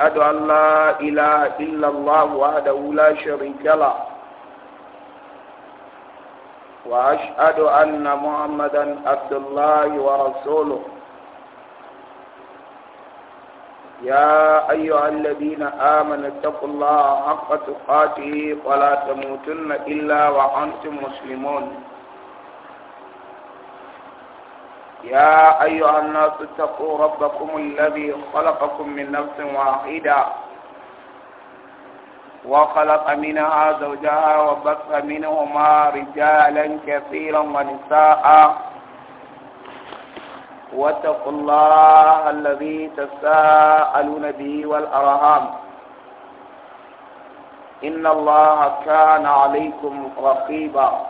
أشهد أن لا إله إلا الله وحده لا شريك له وأشهد أن محمدا عبد الله ورسوله يا أيها الذين آمنوا اتقوا الله حق تقاته ولا تموتن إلا وأنتم مسلمون يا أيها الناس اتقوا ربكم الذي خلقكم من نفس واحدة وخلق منها زوجها وبث منهما رجالا كثيرا ونساء واتقوا الله الذي تساءلون به والأرهام إن الله كان عليكم رقيبا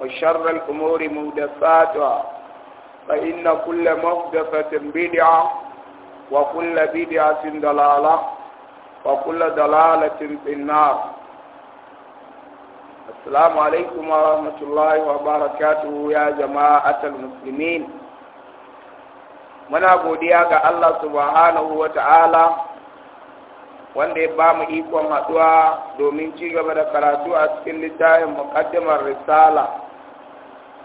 وشر الأمور مهدفاتها فإن كل مهدفة بدعة وكل بدعة دلالة وكل دلالة في النار السلام عليكم ورحمة الله وبركاته يا جماعة المسلمين muna godiya ga Allah subhanahu wa ta'ala wanda ya ba mu ikon haɗuwa domin ci gaba da karatu a cikin littafin muƙaddimar risala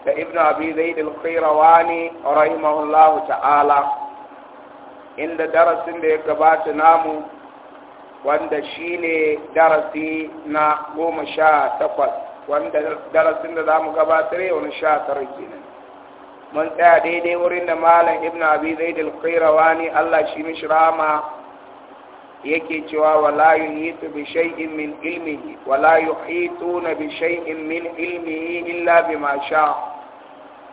da ibn abi zaid al-qayrawani rahimahullahu ta'ala inda darasin da ya gabata namu wanda shine darasi na goma sha takwas wanda darasin da za mu gabatar yau na sha tara kenan mun tsaya daidai wurin da malam ibn abi zaid al Allah shi mishi rahama yake cewa wala yuhitu bi shay'in min ilmihi wala yuhituna bi shay'in min ilmihi illa bima sha'a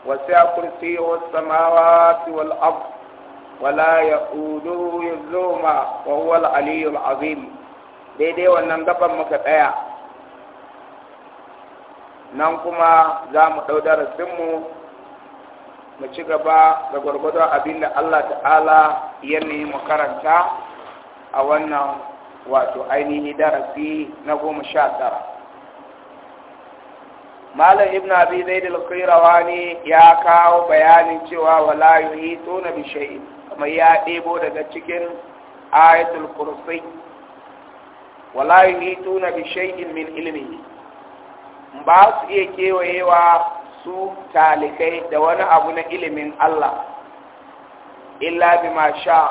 وسع كرسيه السماوات والأرض ولا يؤوده يزوما وهو العلي العظيم daidai wannan gaban muka tsaya nan kuma za mu ɗau darasinmu mu ci gaba da gwargwadon abin da Allah ta'ala ya mu karanta a wannan wato ainihi darasi na goma sha tara malam ibn abi zaid al-qayrawani ya kawo bayanin cewa wala na bi shay'in kuma ya debo daga cikin ayatul kursi wala na bi shay'in min ilmihi ba su iya kewayewa su talikai da wani abu na ilimin Allah illa bi ma sha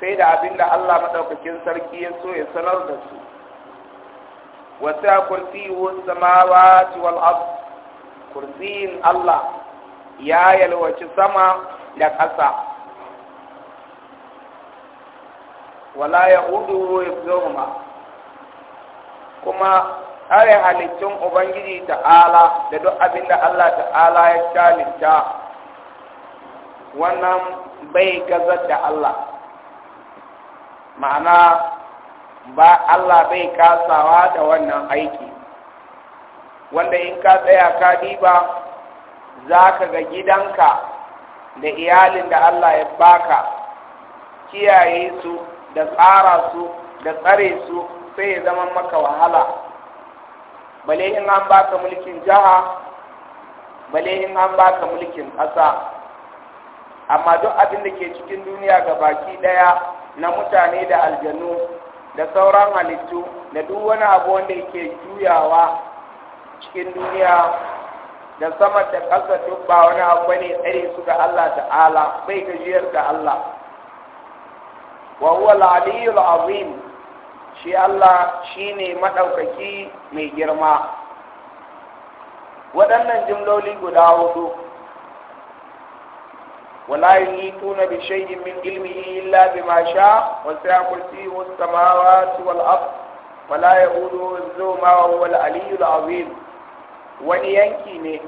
sai da abinda Allah madaukakin sarki ya so ya sanar da su wasa kursiyu samawati wal ard kursiyin Allah ya yalwaci sama da ƙasa wala ya hudu ya kuma are halittun ubangiji ta'ala da duk abin da Allah ta'ala ya shalinta wannan bai gazar da Allah ma'ana ba Allah bai kasawa da wannan aiki wanda in ka tsaya ka diba za ka ga gidanka da iyalin da Allah ya baka kiyaye su da tsara su da tsare su sai ya zama maka wahala bale in an baka mulkin jaha bale in an baka mulkin ƙasa amma duk abin da ke cikin duniya ga baki ɗaya na mutane da aljanu da sauran halittu da duk wani abu wanda yake juyawa cikin duniya da sama da ƙasa duk ba wani abu bane tsare su ga Allah ta'ala bai gajiyar da Allah wa huwa al-aliyyul azim shi Allah shine madaukaki mai girma waɗannan jimloli guda hudu ولا يحيطون بشيء من علمه إلا بما شاء وسع كرسيه السماوات والأرض ولا يؤوده حفظهما وهو العلي العظيم wani yanki ne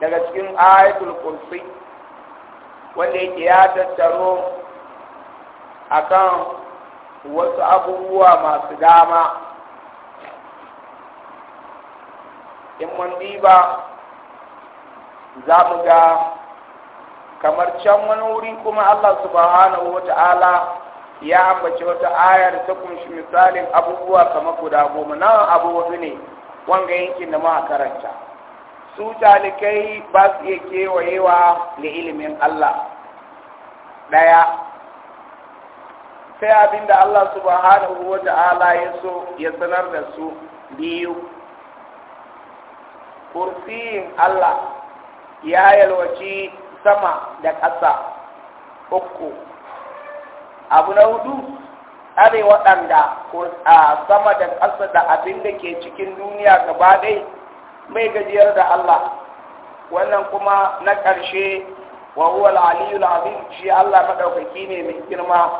daga cikin ayatul kursi wanda yake ya tattaro kan wasu abubuwa masu dama in mun diba za mu ga kamar can wani wuri kuma Allah subhanahu taala ya ambaci wata aya da ta kunshi misalin abubuwa kamar guda goma na abubuwa ne wanga yankin da muka karanta su talikai ba su iya kewayewa da ilimin Allah ɗaya. sai abin da Allah subhanahu ta'ala ya so ya sanar da su biyu kursiyin Allah ya yalwaci sama da ƙasa uku abu na hudu tsare waɗanda ko a sama da ƙasa da abin da ke cikin duniya gaba ɗai mai gajiyar da Allah wannan kuma na ƙarshe wa huwa al-aliyul azim shi Allah madaukaki ne mai girma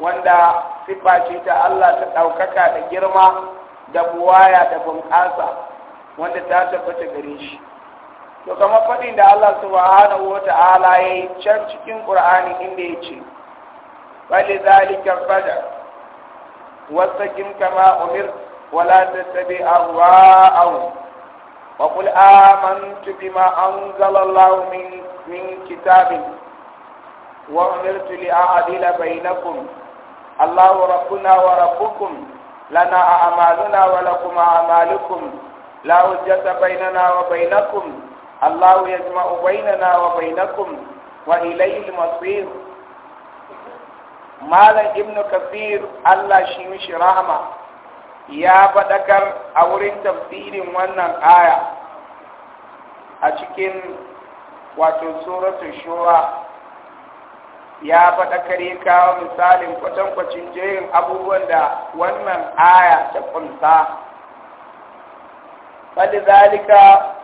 wanda sifa ce ta Allah ta ɗaukaka da girma da buwaya da bunƙasa wanda ta tabbata gare shi to kamar faɗin da Allah subhanahu wa ta'ala ya yi can cikin ƙur'ani inda ya ce bali zalika fada wastaqim kama umir wala ta tattabi ahwa'ahum wa qul amantu bima anzala an min min kitabin wa umirtu li a'dila bainakum Allah rabbuna wa rabbukum لنا أعمالنا ولكم أعمالكم wa bai na kun. Allahu ya zama ubainana wa bainakum wa ilayil masir Malam Ibn Kafir Allah shi mishi rahama ya faɗakar a wurin tafsirin wannan aya a cikin wato suratul shura ya faɗakar ya kawo misalin kwatankwacin jerin abubuwan da wannan aya ta kunsa. Fali zalika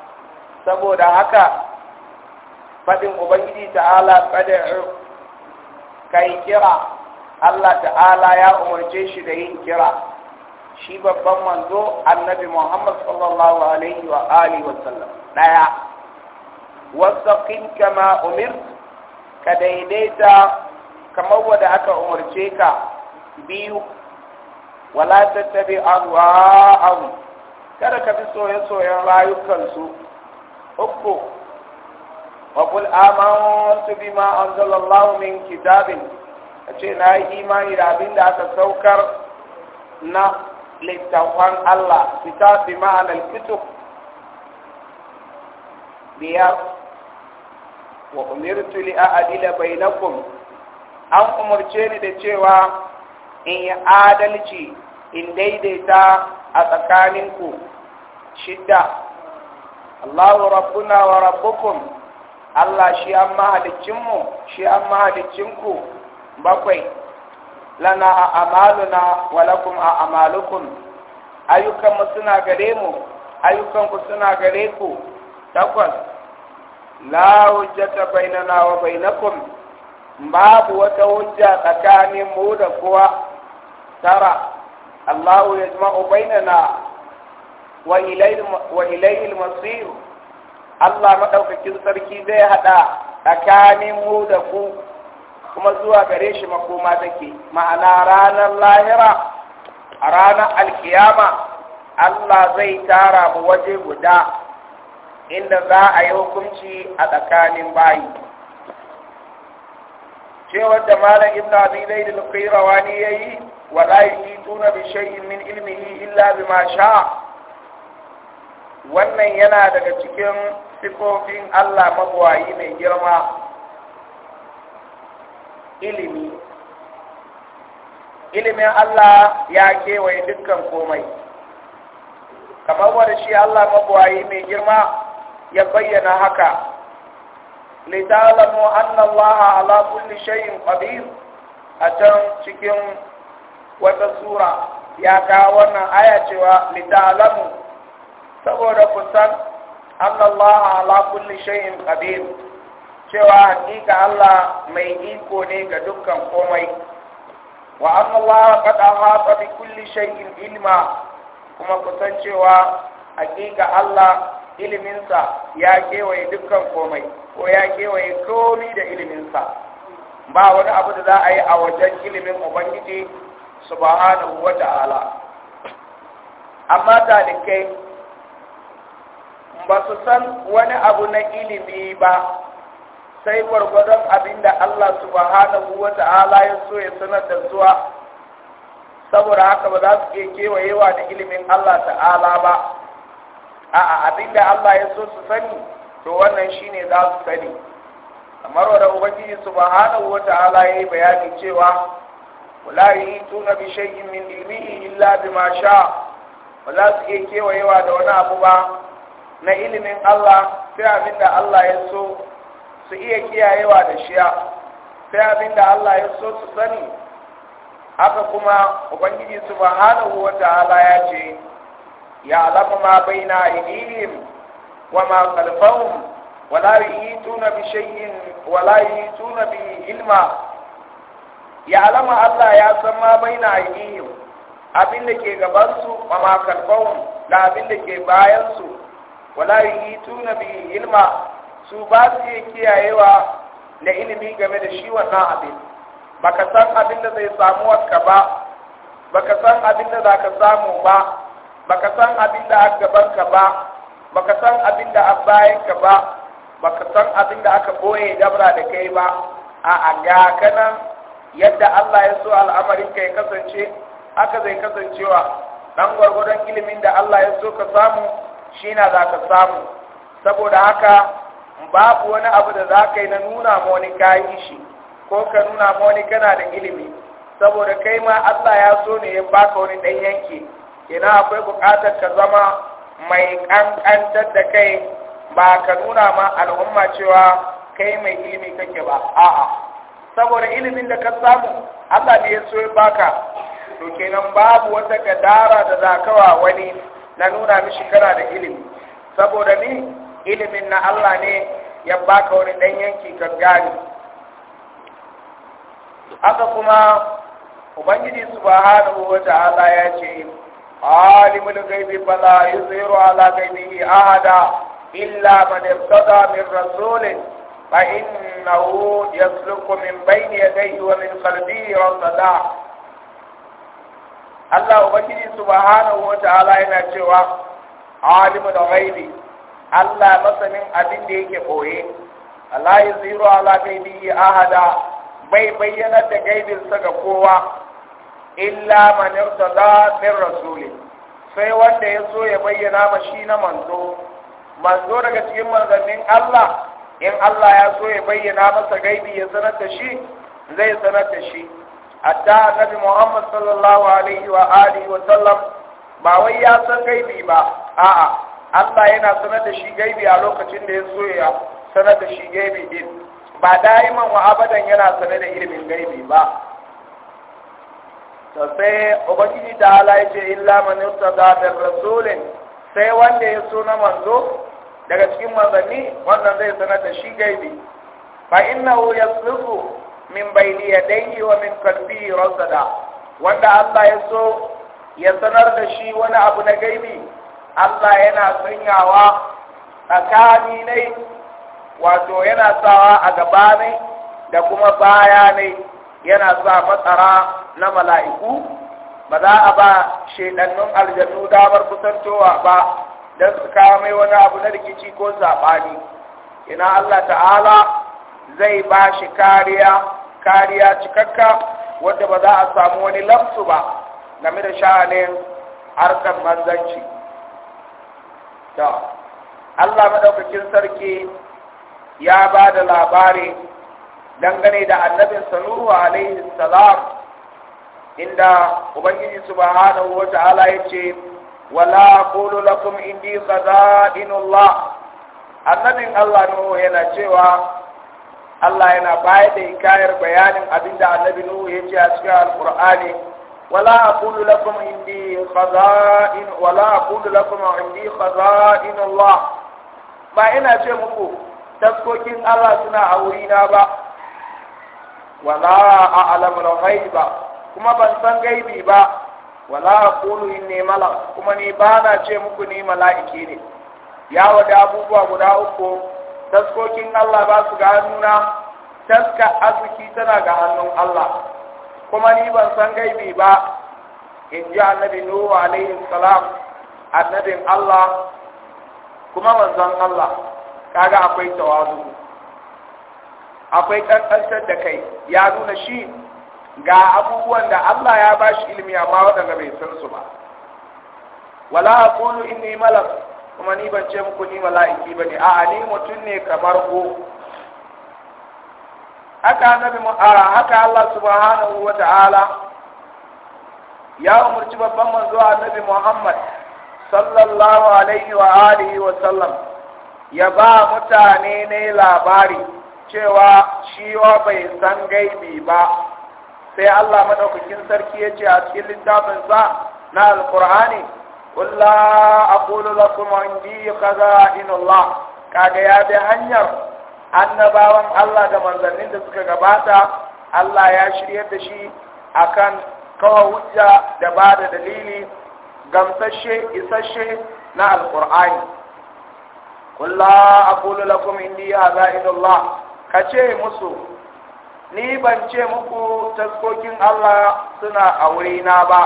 saboda haka faɗin ubangiji ta'ala ƙadar kai kira Allah ta'ala ya umarce shi da yin kira shi babban manzo annabi Muhammad sallallahu alaihi wa alihi wa sallam daya wasaqin kama umir ka daidaita kamar wanda aka umarce ka biyu wala tattabi ahwa'ahum kada ka bi soye-soyen rayukansu uku wa amantu bima anzalallahu min kitabin ce na yi imani da abin da aka saukar na littafan Allah fita bi ma'anar kutub biyar wa umirtu li a'dila bainakum an umarce ni da cewa in yi adalci in daidaita a tsakaninku shidda Allahu rabbuna wa rabbukum Allah shi an shi an bakwai lana a amaluna wa lakum a amalukum ayyukanmu suna gare mu suna gare ku takwas wa babu wata tsakanin mu da kuwa tara Allahu yajma'u wa ilayhi al-masir Allah madaukakin sarki zai hada tsakanin mu da ku kuma zuwa gare shi makoma take ma'ana ranar lahira a ranar alkiyama Allah zai tara mu waje guda inda za a yi hukunci a tsakanin bayi cewar da malam ibn abi zaid al-qayrawani yayi wa la yituna bi shay'in min ilmihi illa bima sha'a wannan yana daga cikin sifofin Allah magwayi mai girma ilimi ilimin Allah ya kewaye dukkan komai kamar wanda shi Allah magwayi mai girma ya bayyana haka litalamu anna Allah ala kulli shay'in qadir a can cikin wata sura ya kawo wannan aya cewa litalamu saboda ku san annallaha ala kulli shay'in qadir cewa hakika Allah mai iko ne ga dukkan komai wa annallaha qad ahata bi kulli shay'in ilma kuma ku san cewa hakika Allah iliminsa ya kewaye dukkan komai ko ya kewaye komai da iliminsa ba wani abu da za a yi a wajen ilimin ubangiji subhanahu wa ta'ala amma talikai ba su san wani abu na ilimi ba sai gwargwadon abinda Allah subhanahu wa ta'ala ya so ya sanar da zuwa saboda haka ba za su iya kewayewa da ilimin Allah ta'ala ba a abinda Allah ya so su sani to wannan shine za su sani kamar wadda ubangiji subhanahu wa ta'ala ya yi bayani cewa wala tuna bi shay'in min ilmihi illa bima sha ba su iya kewayewa da wani abu ba na ilimin Allah sai abin da Allah ya so su iya kiyayewa da shiya sai abin da Allah ya so su sani haka kuma ubangiji subhanahu ta'ala ya ce ya alama ma baina aydihim wa ma khalfahum wa la tuna bi shay'in wa la tuna bi ilma ya alama Allah ya san ma baina aydihim abin da ke gaban su wa ma khalfahum da abin da ke bayan su wala tuna bi ilma su ba su yi kiyayewa na ilimi game da shi wannan abin baka san abin da zai samu wanka ba baka san abin da za ka samu ba baka san abin da aka gaban ka ba baka san abin da aka bayan ka ba baka san abin da aka boye dabra da kai ba a ga kanan yadda Allah ya so al'amarin ka ya kasance haka zai kasancewa dan gwargwadon ilimin da Allah ya so ka samu shi na za ka samu saboda haka babu wani abu da za ka yi na nuna ma wani kayi shi ko ka nuna ma wani kana da ilimi saboda kai ma Allah ya so ne ya baka wani ɗan yanki Ina akwai buƙatar ka zama mai ƙanƙantar da kai ba ka nuna ma al'umma cewa kai mai ilimi kake ba a'a saboda ilimin da ka samu Allah ne ya so ya baka to kenan babu wata gadara da za zakawa wani na nuna mishi kana da ilimi saboda ni ilimin na Allah ne ya baka wani dan yanki ka haka kuma ubangiji subhanahu wata'ala ya ce alimul ghaibi fala yuziru ala ghaibihi ahada illa man irtada min rasulin fa innahu yasluku min bayni yadayhi wa min qalbihi rasada Allah ubangiji subhanahu wata'ala yana cewa alimu da ghaibi Allah masanin abin da yake boye Allah yuziru ala ghaibihi ahada bai bayyana da gaibinsa ga kowa illa man irtada min rasuli sai wanda ya so ya bayyana ma shi na manzo manzo daga cikin manzannin Allah in Allah ya so ya bayyana masa gaibi ya sanar da shi zai sanar da shi hatta annabi Muhammad sallallahu alaihi wa alihi wa sallam ba wai ya san gaibi ba a'a Allah yana sanar da shi gaibi a lokacin da ya so ya sanar da shi gaibi din ba daiman wa abadan yana sanar da ilimin gaibi ba to sai ubangiji ta ala ce illa man yurtada da rasulin sai wanda ya so na manzo daga cikin manzanni wannan zai sanar da shi gaibi fa innahu yasluku min ya yadayhi wa min kalbi rasada wanda Allah ya so ya sanar da shi wani abu na gaibi Allah yana sanyawa tsakani ne wato yana sawa a gaba ne da kuma baya ne yana sa matsara na mala'iku ba za a ba shaidannun aljannu damar kusantowa ba don su kawo mai wani abu na rikici ko saɓani ina Allah ta'ala zai ba shi kariya kariya cikakka wadda ba za a samu wani lamsu ba game da sha'anin harkar manzanci da Allah madaukakin sarki ya ba da labari dangane da annabin sanuhu alaihi salam inda ubangiji subhanahu wa ta'ala ya ce wala qulu lakum indi la?" annabin Allah nuhu yana cewa Allah yana bayar da ikayar bayanin abinda annabi Nuhu ya ce a cikin Alƙur'ani wala aqulu lakum indi khaza'in wala aqulu lakum indi khaza'in Allah ba ina ce muku taskokin Allah suna a wurina ba wala a'lamu al-ghaiba kuma ban san gaibi ba wala aqulu inni malak kuma ni ba na ce muku ni mala'iki ne ya wada abubuwa guda uku taskokin Allah ba su ga hannuna taska arziki tana ga hannun Allah kuma ni ban san gaibi ba in ji annabi Nuhu alaihi salam annabin Allah kuma manzon Allah kaga akwai tawazu akwai kankantar da kai ya nuna shi ga abubuwan da Allah ya bashi ilimi amma waɗanda bai san su ba wala aqulu inni malak kuma ni ban ce muku ni mala'iki ba ne a ni mutum ne kamar ku haka annabi haka Allah subhanahu wa ta'ala ya umarci babban manzo annabi Muhammad sallallahu alaihi wa alihi wa sallam ya ba mutane ne labari cewa shi wa bai san gaibi ba sai Allah madaukakin sarki ya ce a cikin littafin sa na alkur'ani قل لا أقول لكم عندي خزائن الله kaga ya bi hanyar annabawan Allah da manzanin da suka gabata Allah ya shirya da shi akan kawo hujja da ba da dalili gamsashe isasshe na alkur'ani kulla aqulu lakum indi hazainullah kace musu ni ban ce muku taskokin Allah suna aure na ba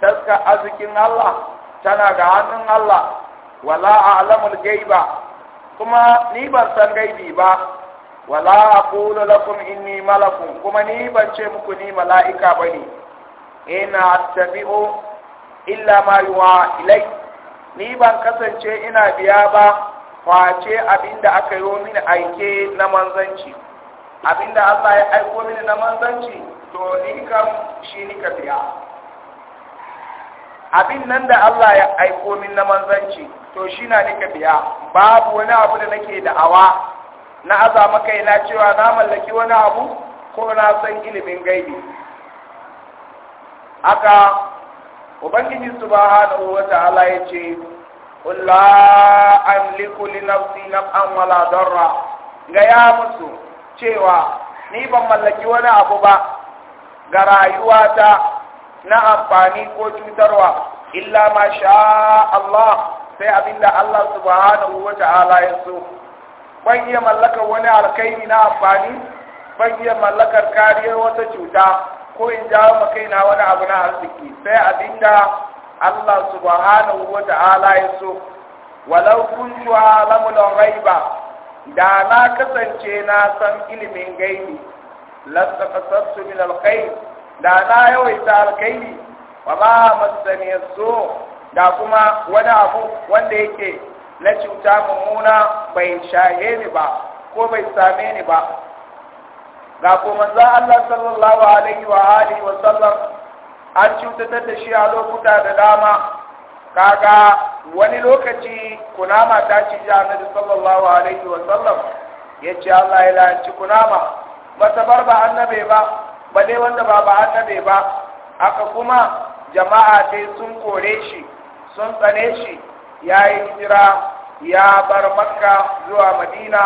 taska arzikin Allah tana ga hannun Allah wala a'lamul gaiba kuma ni ban san gaibi ba wala aqulu lakum inni malakun kuma ni ban ce muku ni mala'ika bane ina tafi'o illa ma yuwa ilai ni ban kasance ina biya ba face abinda aka yi mini aike na manzanci abinda Allah ya aiko mini na manzanci to ni kam shi ni ka biya abin nan da Allah ya aiko min na manzanci to shi na nika biya babu wani abu da nake da awa na azama kai na cewa na mallaki wani abu ko na san ilimin gaibi haka ubangiji subhanahu wa ta'ala yace qul la amliku li nafsi naf'an wala darra ga ya musu cewa ni ban mallaki wani abu ba ga rayuwata na amfani ko cutarwa illa ma sha Allah sai abinda Allah subhanahu wa ta'ala ya so ban iya mallaka wani alkairi na amfani ban iya mallakar kariyar wata cuta ko in jawo ma kaina wani abu na arziki sai abinda Allah subhanahu wa ta'ala ya so walau kuntu alamul ghaiba da na kasance na san ilimin gaibi lasta qasassu min alkhair da na yawaita alkhairi wa ma masani yaso da kuma wani abu wanda yake na cuta mummuna bai shaye ni ba ko bai same ni ba ga ko manzo Allah sallallahu alaihi wa alihi wa sallam an cutatar da shi a lokuta da dama kaga wani lokaci kunama ta ci annabi sallallahu alaihi wa sallam yace Allah ya lanci kunama bata barba annabi ba ba dai wanda ba ba bai ba aka kuma jama'a dai sun kore shi sun tsane shi ya yi hijira ya bar makka zuwa madina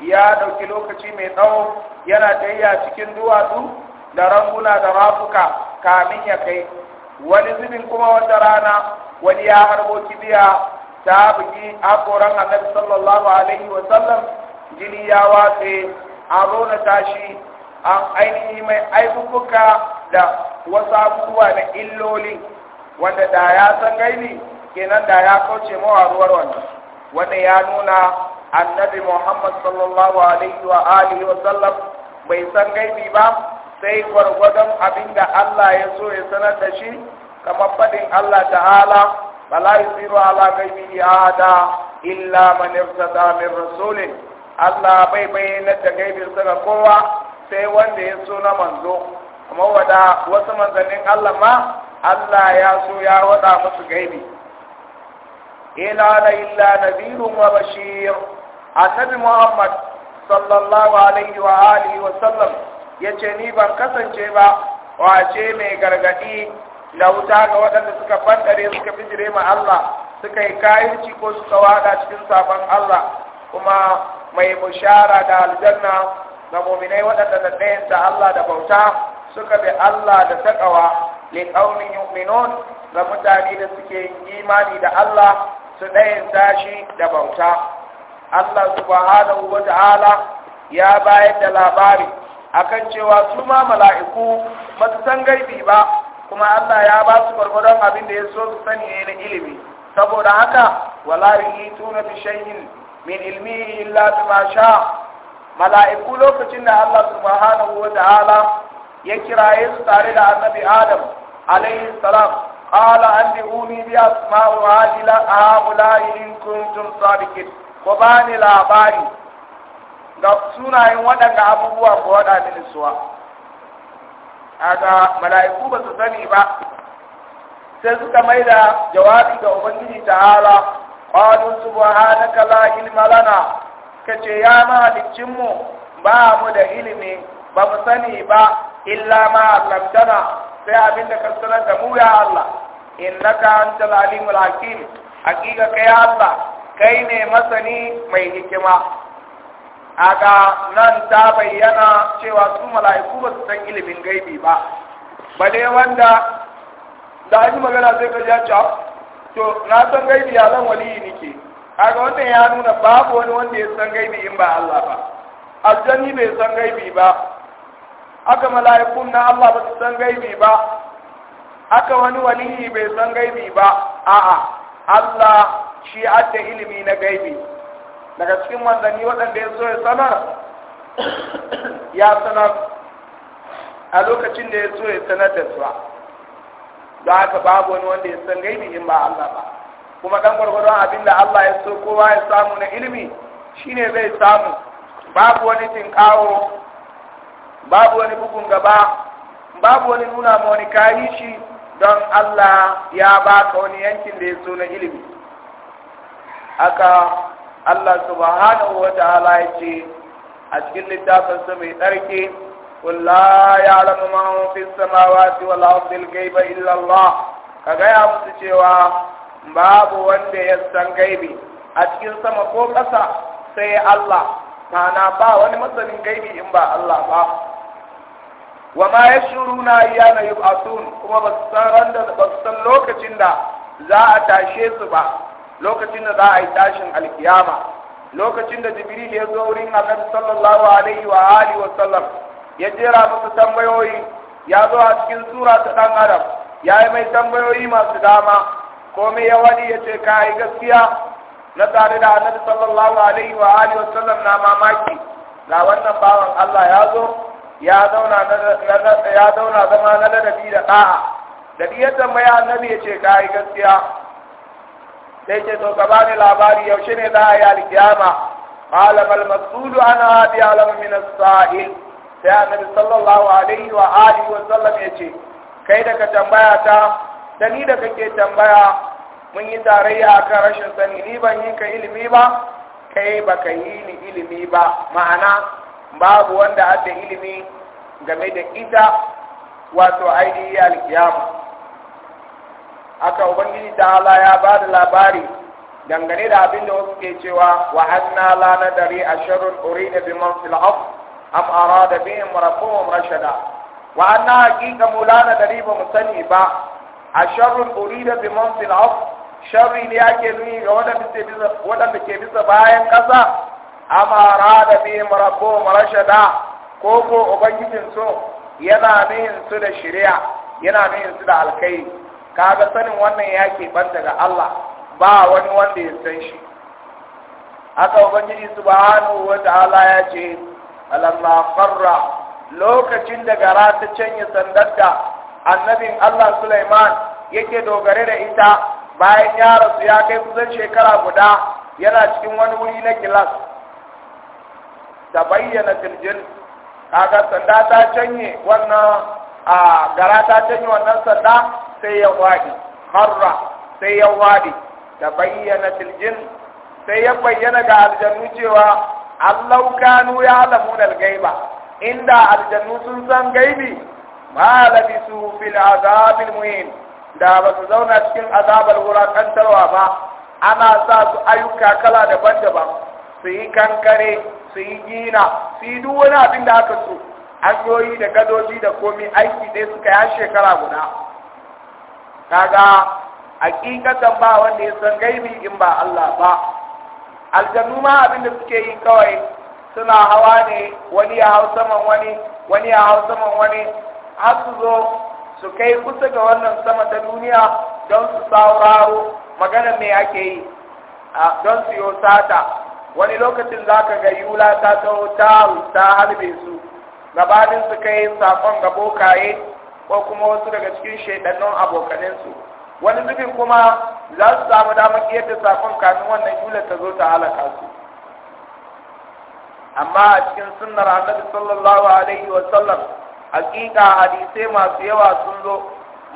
ya ɗauki lokaci mai tsawo yana tayya cikin duwatsu da ranguna da rafuka kamin ya kai wani zubin kuma wata rana wani ya harbo kibiya ta bugi akoran annabi sallallahu alaihi wasallam jini ya watse a rona tashi an ainihi mai aikukuka da wasu abubuwa na illoli wanda da ya san gaini kenan da ya kauce mawa ruwar wannan wanda ya nuna annabi muhammad sallallahu alaihi wa alihi wa sallam bai san gaini ba sai gwargwadon abin da allah ya so ya sanar da shi kamar faɗin allah ta'ala bala yusiru ala gaibi ahada illa man irtada min rasulin allah bai bayyana da gaibinsa ga kowa sai wanda ya so na manzo kuma wada wasu manzannin Allah ma Allah ya so ya wada musu gaibi ila la illa nabirun wa bashir annabi Muhammad sallallahu alaihi wa alihi wa sallam yace ni ban kasance ba wace mai gargadi lauta ga waɗanda suka bandare suka bijire ma Allah suka yi kayanci ko suka wada cikin sabon Allah kuma mai bushara da aljanna ga mominai waɗanda da ɗayan da Allah da bauta suka bi Allah da taƙawa le qaumin yu'minun ga mutane da suke imani da Allah su ɗayan tashi da bauta Allah su subhanahu wa ta'ala ya bayar da labari a kan cewa su ma mala'iku ba su san gaibi ba kuma Allah ya ba su gwargwadon abin da ya so su sani ne na ilimi saboda haka wala min ilmihi illa bima sha mala'iku lokacin da Allah subhanahu wa ta'ala ya kiraye su tare da annabi Adam alaihi salam qala anbi'uni bi asma'i a ha'ula'i in kuntun sadikin ko ba ni labari ga sunayen waɗanda abubuwa ko waɗa mini suwa aga mala'iku ba su sani ba sai suka mai da jawabi ga ubangiji ta'ala qalu subhanaka la ilma lana ce ya mahaliccinmu mu ba mu da ilimi ba mu sani ba illa ma allamtana sai abinda ka sanar da mu ya Allah innaka antal alimul hakim hakika kai Allah kai ne masani mai hikima aga nan ta bayyana cewa su mala'iku ba su san ilimin gaibi ba ba dai wanda da an yi magana sai ka ja to na san gaibi ya zan waliyi nike kaga wannan ya nuna babu wani wanda ya san gaibi in ba Allah ba aljanni bai san gaibi ba aka mala'iku na Allah ba su san gaibi ba aka wani waliyi bai san gaibi ba a'a Allah shi adda ilimi na gaibi daga cikin manzanni waɗanda ya so ya sanar ya sanar a lokacin da ya so ya sanar da su ba haka babu wani wanda ya san gaibi in ba Allah ba kuma dan gwargwadon abin da Allah ya so kowa ya samu na ilimi shine zai samu babu wani tinkawo babu wani bugun gaba babu wani nuna ma wani kayi shi don Allah ya baka wani yankin da ya so na ilimi aka Allah subhanahu wa ta'ala ya ce a cikin littafin sa mai tsarki قل لا يعلم من في السماوات والأرض الغيب إلا الله musu cewa. babu wanda ya san gaibi a cikin sama ko ƙasa sai Allah mana ba wani masanin gaibi in ba Allah ba wa ma yashuruna ayyana yub'athun kuma ba su san randa ba su san lokacin da za a tashe su ba lokacin da za a yi tashin alkiyama lokacin da jibril ya zo wurin annabi sallallahu alaihi wa alihi wa sallam ya jera musu tambayoyi ya zo a cikin sura ta dan adam ya yi mai tambayoyi masu dama komai ya wani ya ce ka yi gaskiya na tare da annabi sallallahu alaihi wa alihi wasallam na mamaki na wannan bawan Allah ya zo ya zauna ya zauna zama na ladabi da da'a da ya tambaya annabi ya ce ka yi gaskiya sai ce to gaba ne labari yaushe ne za a yi alkiyama malam al Masudu ana bi alam min as-sa'il sai annabi sallallahu alaihi wa alihi wasallam ya ce kai daga tambaya ta da ni da kake tambaya mun yi tarayya akan rashin sani ni ban yi ka ilimi ba kai baka yi ni ilimi ba ma'ana babu wanda hada ilimi game da ita wato ainihi alkiyama aka ubangiji ala ya ba da labari dangane da abin da wasu ke cewa wa hanna la nadari asharun urida bi man fil af am arada bihim rabbuhum rashada wa hanna haqiqa mu la nadari ba mu sani ba a urida bi man fil af sharri ne ake nuni ga waɗanda ke bisa bayan ƙasa amara da bi marabbo marashada ko ko ubangijin so, yana nuhin su da shirya, yana nuhin su da alkai kaga sanin wannan ya ke banta ga Allah ba wani wanda ya san shi haka ubangiji subhanahu wata ala ya ce alamma farra lokacin da gara ta canye sandarta annabin Allah Sulaiman yake dogare da ita bayan ya rasu ya kai kusan shekara guda yana cikin wani wuri na kilas ta bayyana filjin kaga sanda ta canye wannan a gara ta canye wannan sanda sai ya wadi harra sai ya wadi ta bayyana filjin sai ya bayyana ga aljannu cewa allau kanu ya alamun gaiba. inda aljannu sun san gaibi ma labisu fil azabil muhin da ba su zauna cikin azabar wulakantarwa ba ana sa su ayyuka kala daban-daban su yi kankare su yi gina su yi duk abin da aka so hanyoyi da gadoji da komi aiki ɗaya suka ya shekara guda kaga hakikatan ba wanda ya san gaibi in ba Allah ba aljannu ma abin da suke yi kawai suna hawa ne wani ya hau saman wani wani ya hau saman wani har su zo su kai kusa ga wannan sama ta duniya don su sauraro magana mai ake yi don su sata wani lokacin za ka ga yula ta taho ta ta halbe su gabanin su kai sakon ga bokaye ko kuma wasu daga cikin shaidannun abokaninsu wani zubin kuma za su samu damar iya da sakon kafin wannan yula ta zo ta halaka su amma a cikin sunnar annabi sallallahu alaihi wa sallam hakika hadisai masu yawa sun zo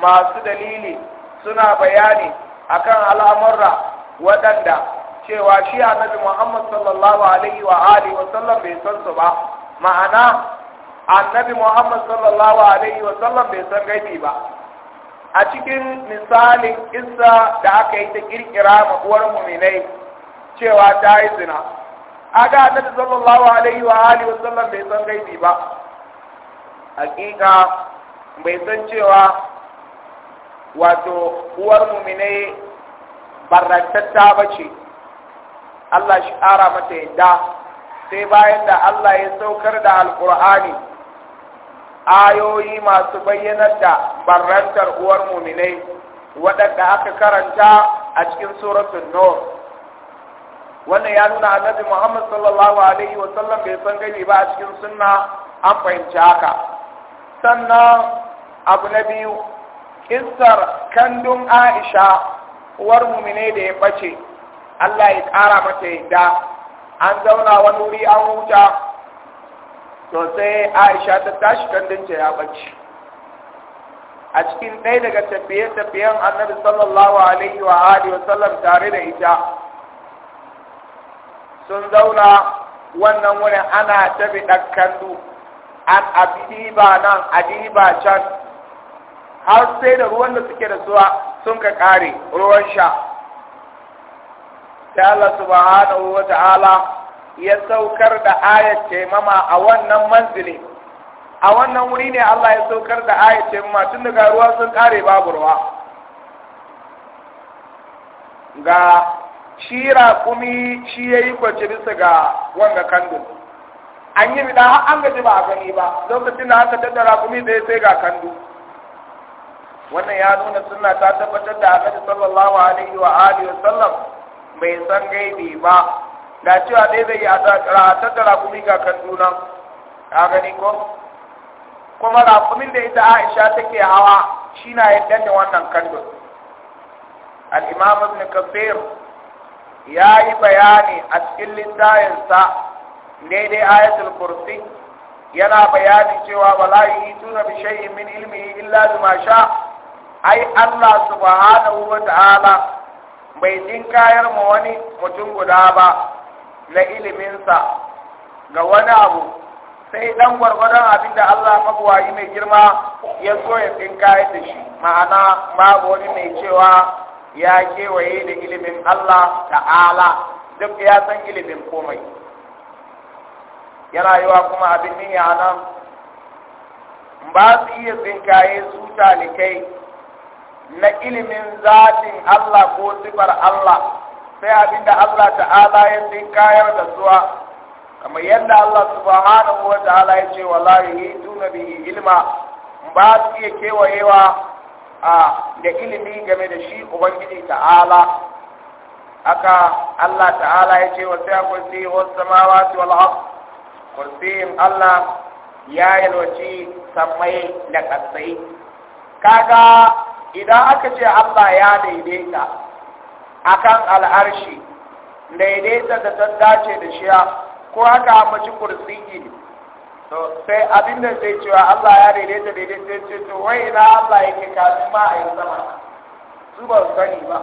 masu dalili suna bayani akan al'amurra waɗanda cewa shi annabi Muhammad sallallahu alaihi wa alihi wa sallam bai san su ba ma'ana annabi Muhammad sallallahu alaihi wa sallam bai san gaibi ba a cikin misalin kissa da aka yi ta kirkira ma uwar muminai cewa ta yi zina aga annabi sallallahu alaihi wa alihi wa sallam bai san gaibi ba hakika bai san cewa wato uwar muminai barrantatta ba ce Allah shi ƙara mata yadda sai bayan da Allah ya saukar da alkur'ani ayoyi masu bayyanar da barrantar uwar muminai waɗanda aka karanta a cikin suratun nur wannan ya nuna annabi muhammad sallallahu alaihi wasallam bai san gani ba a cikin sunna an fahimci haka sannan abu na biyu kissar kandun aisha uwar mumine da ya bace allah ya ƙara mata yadda an zauna wani wuri an huta to sai aisha ta tashi kandunta ya bace a cikin ɗaya daga tafiye-tafiyen annabi sallallahu alaihi wa alihi wasallam tare da ita sun zauna wannan wani ana tafi ɗan kandu. ba nan ba can har sai da ruwan da suke da suwa sun ka kare ruwan sha ta Allah subhanahu wa ta'ala ya saukar da ayat taimama a wannan manzili a wannan wuri ne Allah ya saukar da ayat taimama tun daga ruwa sun kare babu ruwa ga shira raƙumi shi yayi yi kwace bisa ga wanga kandun an yi bida har an gaji ba a gani ba lokacin da aka daddara kuma zai sai ga kandu wannan ya nuna suna ta tabbatar da annabi sallallahu alaihi wa alihi wa sallam bai san gaibi ba da cewa ɗaya zai yi a tattara kuma ga kandu nan ka gani ko kuma rakumin da ita aisha take hawa shi na yadda wannan kandu al-imam ibn kafir ya yi bayani a cikin littafinsa daidai ayatul kursi yana bayani cewa wala yituna bi shay'in min ilmihi illa bima sha ai Allah subhanahu wa ta'ala bai kayar mu wani mutum guda ba na iliminsa ga wani abu sai dan gwargwadon abin da Allah magwayi mai girma ya so ya kayar da shi ma'ana babu wani mai cewa ya kewaye da ilimin Allah ta'ala duk ya san ilimin komai yana rayuwa kuma abin ne a nan ba su iya tsinkaye su talikai na ilimin zatin Allah ko sifar Allah sai abin da Allah ta'ala ya tsinkayar da zuwa kamar yadda Allah subhanahu wa ta'ala ya ce wallahi tuna bihi ilma ba su iya kewayewa da ilimi game da shi ubangiji ta'ala aka Allah ta'ala ya ce wa sai akwai sai wasu samawa su ardh kursiyin Allah ya yalwaci sammai da ƙasai kaga idan aka ce Allah ya daidaita akan al'arshi daidaita da ta dace da shiya ko haka kursi kursiyi to sai abinda zai cewa Allah ya daidaita daidaita ce to wai ina Allah yake kafin ma a yi zama su ba sani ba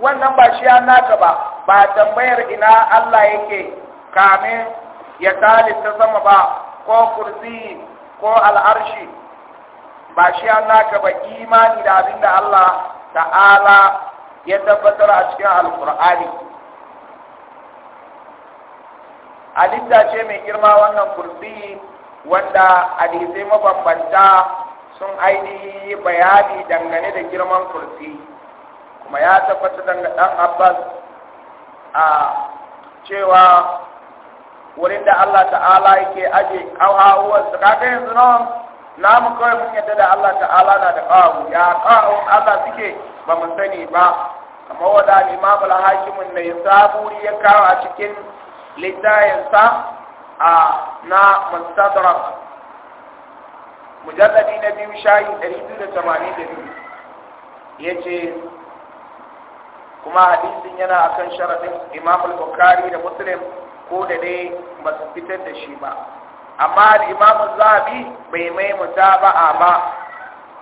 wannan ba shi ya naka ba ba tambayar ina Allah yake kamin ya tali ta zama ba ko kursi ko al'arshi ba shi an naka ba imani da abin da Allah ta'ala ya tabbatar a cikin alkur'ani alittace ce mai girma wannan kursi wanda hadisai mabambanta sun ainihi bayani dangane da girman kursi kuma ya tabbata dan abbas a cewa wurin da Allah ta'ala yake aje kawawar su kaga yanzu Na namu kawai mun yadda da Allah ta'ala na da kawu ya kawu Allah suke ba mu sani ba amma wada Imam al-Hakim ne saburi ya kawo a cikin littayinsa a na Mustadrak mujalladi na biyu shayi Ya yace kuma hadisin yana akan sharadin Imam al-Bukhari da Muslim ko da dai ba su fitar da shi ba amma al'imamu zabi bai mai mutaba'a ba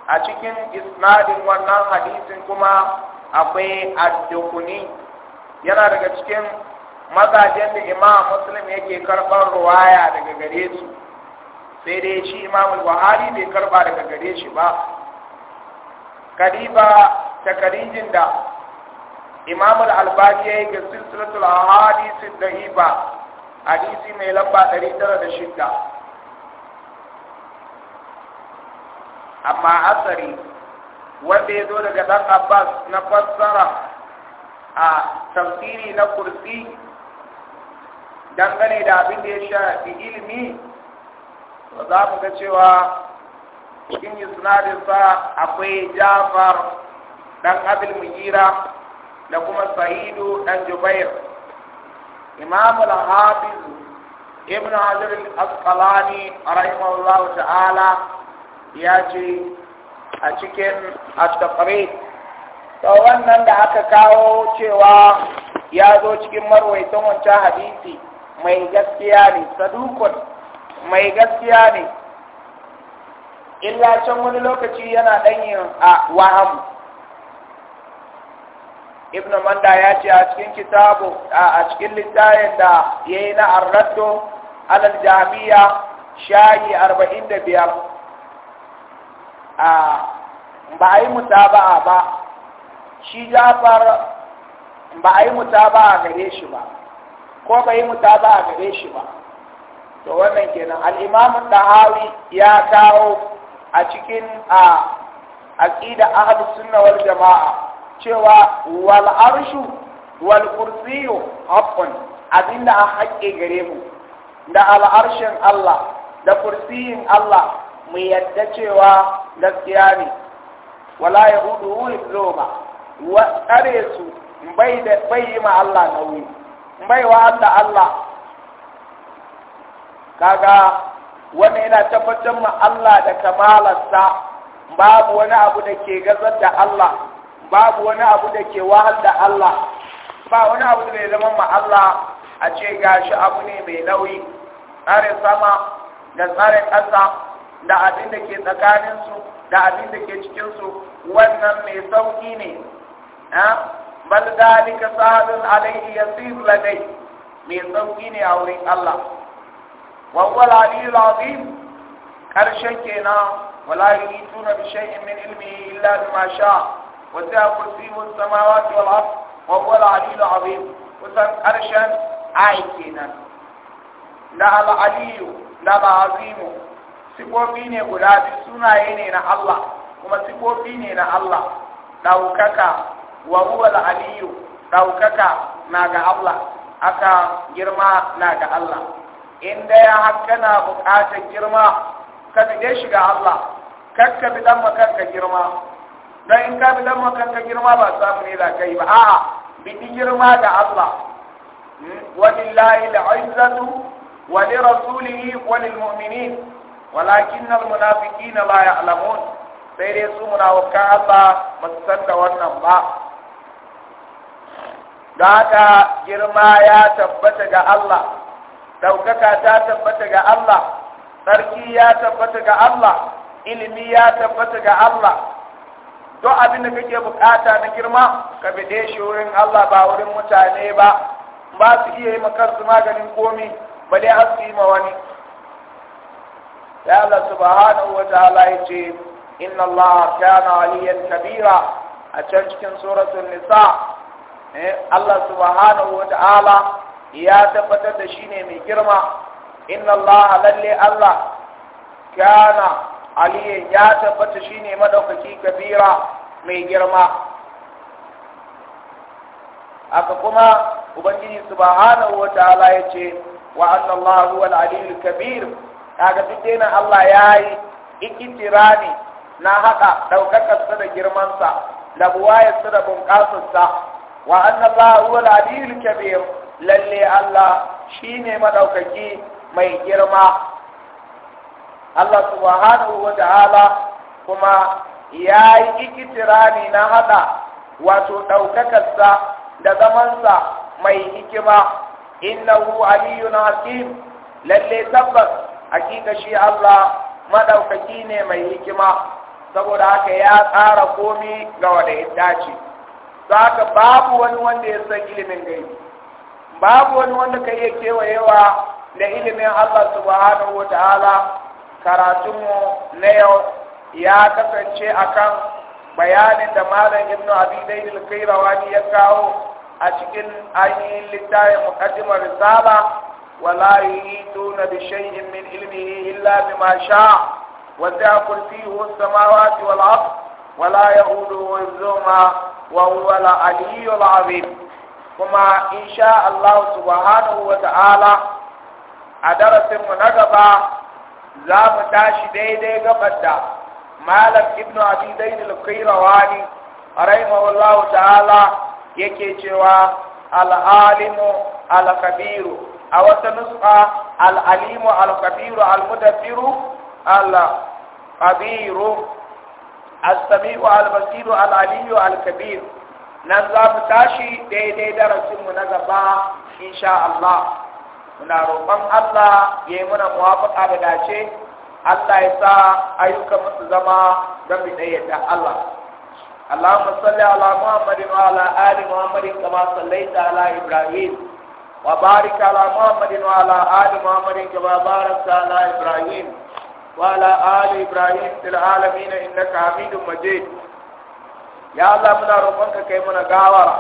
a cikin isnadin wannan hadisin kuma akwai addukuni yana daga cikin mazajen da imam muslim yake karɓar ruwaya daga gare su sai dai shi imam buhari bai karɓa daga gare shi ba kariba takarijin da imam al-albani ya yi ga silsilatul hadisin da iba hadisi mai lamba 906 amma asari wanda ya zo daga dan abbas na fassara a tafsiri na kursi dangane da abin da ya shafi ilimi za mu ga cewa cikin sinadinsa akwai jafar dan abil mujira da kuma sa'idu dan jubair imam al-hafiz ibn hajar al-asqalani rahimahullahu ta'ala ya ce a cikin at-taqrib wannan da aka kawo cewa ya zo cikin marwaitan wancan hadisi mai gaskiya ne sadukun mai gaskiya ne illa can wani lokaci yana ɗanyin a wahamu ibn manda ya ce a cikin kitabu a cikin littafin da ya yi na arraddo alal jami'a shayi arba'in da biyar ba a yi mutaba'a ba shi jafar ba a yi mutaba'a gare shi ba ko ba yi mutaba'a gare shi ba to wannan kenan al'imamun ɗahawi ya kawo a cikin a aƙida ahalus sunna wal jama'a cewa wal arshu wal kursiyu haqqun an a gare mu da al arshin Allah da kursiyin Allah mu yadda cewa gaskiya ne wala yahudu isloma wa tsare su bai da bai yi ma Allah nauyi bai wa Allah Allah kaga wani yana tabbatar ma Allah da kamalarsa babu wani abu da ke gazar da Allah babu wani abu da ke wahal da Allah ba wani abu da ya zama ma Allah a ce gashi abu ne mai nauyi tsarin sama da tsarin ƙasa da abin da ke tsakaninsu da abin da ke cikinsu wannan mai sauƙi ne bal dalika sahadun alaihi yasir ladai mai sauƙi ne a wurin Allah wa huwa al-aliyyul azim karshen kenan wala yutuna bi shay'in min ilmihi illa sha'a وسع كرسيه السماوات والارض وهو العلي العظيم وسع عرشا عيكينا لا العلي لا العظيم sifofi ne guda biyu sunaye ne na Allah kuma sifofi ne na Allah daukaka wa huwa al-aliyyu daukaka na ga Allah aka girma na ga Allah inda ya haka na bukatar girma ka bide shi ga Allah kakka bidan makanka girma dan in ka bi dan makan ka girma ba samu ne da ka yi ba a'a bi girma ga Allah hmm? walillahi al-izzatu wa li rasulihi wa lil mu'minin walakin al-munafiqina la ya'lamun sai dai su munafikan Allah ba su san da wannan ba da haka girma ya tabbata ga Allah ɗaukaka ta tabbata ga Allah sarki ya tabbata ga Allah ilimi ya tabbata ga Allah to abin da kake bukata na girma ka bide shi wurin Allah ba wurin mutane ba ba su iya yi makarsu maganin komi bale har su yi ma wani Ya Allah subhanahu wa ta'ala inna Allah kana aliyan kabira a can cikin suratul nisa eh, Allah subhanahu wa ta'ala ya tabbatar da shi ne mai girma inna Allah lalle Allah kana aliyan ya tabbata shine madaukaki kabira mai girma aka kuma ubangiji subhanahu wataala ya wa anna allah huwa al kabir kaga duk dai Allah yayi ne na haka ɗaukakarsa da girmansa sa buwayarsa da bunƙasarsa sa wa anna allah huwa kabir lalle allah shine madaukaki mai girma Allah subhanahu wa ta'ala kuma ya yi ikitirani na hada wato ɗaukakarsa da zamansa mai hikima Aliyu na hakim lalle tabbas hakika shi Allah maɗaukaki ne mai hikima saboda haka ya tsara komi ga wanda ya dace saka babu wani wanda ya san ilimin gai babu wani wanda ka iya kewayewa da ilimin Allah subhanahu wa ta'ala karatunmu na yau ya kasance akan bayanin da malam ibnu abidai al-kairawani ya kawo a cikin ainihin littafi muqaddimar risala wala yuhituna bi shay'in min ilmihi illa bima sha'a wa ta'kursiyuhu as-samawati wal ard wa yahudu wa zuma wa huwa al kuma insha Allahu subhanahu wa ta'ala a darasin mu na gaba za mu tashi daidai gabar da malam ibnu abi zaid al-qayrawani rahimahullahu ta'ala yake cewa al-alimu al-kabiru a wata nusqa al-alimu al-kabiru al-mudabbiru al-kabiru as-sami'u al-basiru al-aliyu al kabiru nan za mu tashi daidai darasinmu na gaba insha Allah muna roƙon Allah ya yi muna muwafaƙa da dace Allah ya sa ayyukan musu zama don mu ɗaya da Allah Allahumma salli ala Muhammad wa ala ali Muhammad kama ta ala Ibrahim wa barik ala Muhammad wa ala ali Muhammad kama ta ala Ibrahim wa ala ali Ibrahim fil alamin innaka Hamidum Majid ya Allah muna roƙonka kai muna gawara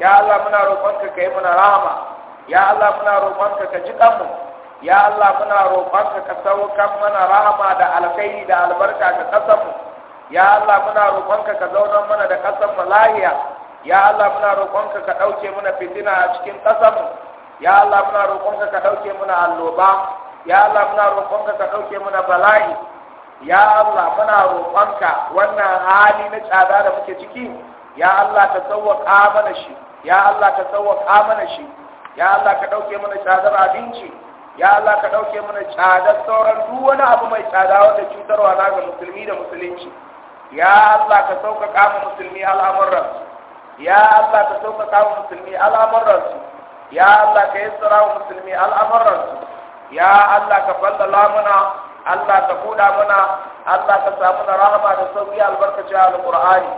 ya Allah muna roƙonka kai muna rahama ya Allah muna roƙonka ka ji kanmu ya Allah muna roƙonka ka saukan mana rahama da alkhairi da albarka ga ƙasarmu ya Allah muna roƙonka ka zaunar mana da ƙasarmu lahiya ya Allah muna roƙonka ka ɗauke mana fitina a cikin ƙasarmu ya Allah muna roƙonka ka ɗauke mana alloba ya Allah muna roƙonka ka ɗauke mana bala'i ya Allah muna roƙonka wannan hali na tsada da muke ciki ya Allah ta sauwaƙa mana shi ya Allah ta sauwaƙa mana shi ya Allah ka ɗauke mana tsadar abinci ya Allah ka ɗauke mana tsadar sauran duk wani abu mai tsada wanda cutarwa na ga musulmi da musulunci ya Allah ka sauƙaƙa mu musulmi al'amuran ya Allah ka sauƙaƙa mu musulmi al'amuran ya Allah ka yassara mu musulmi al'amuran ya Allah ka fallala mana Allah ka buɗa mana Allah ka samu na rahama da sauƙi albarkacin alƙur'ani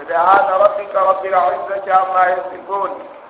سبحان ربك رب العزة عما يصفون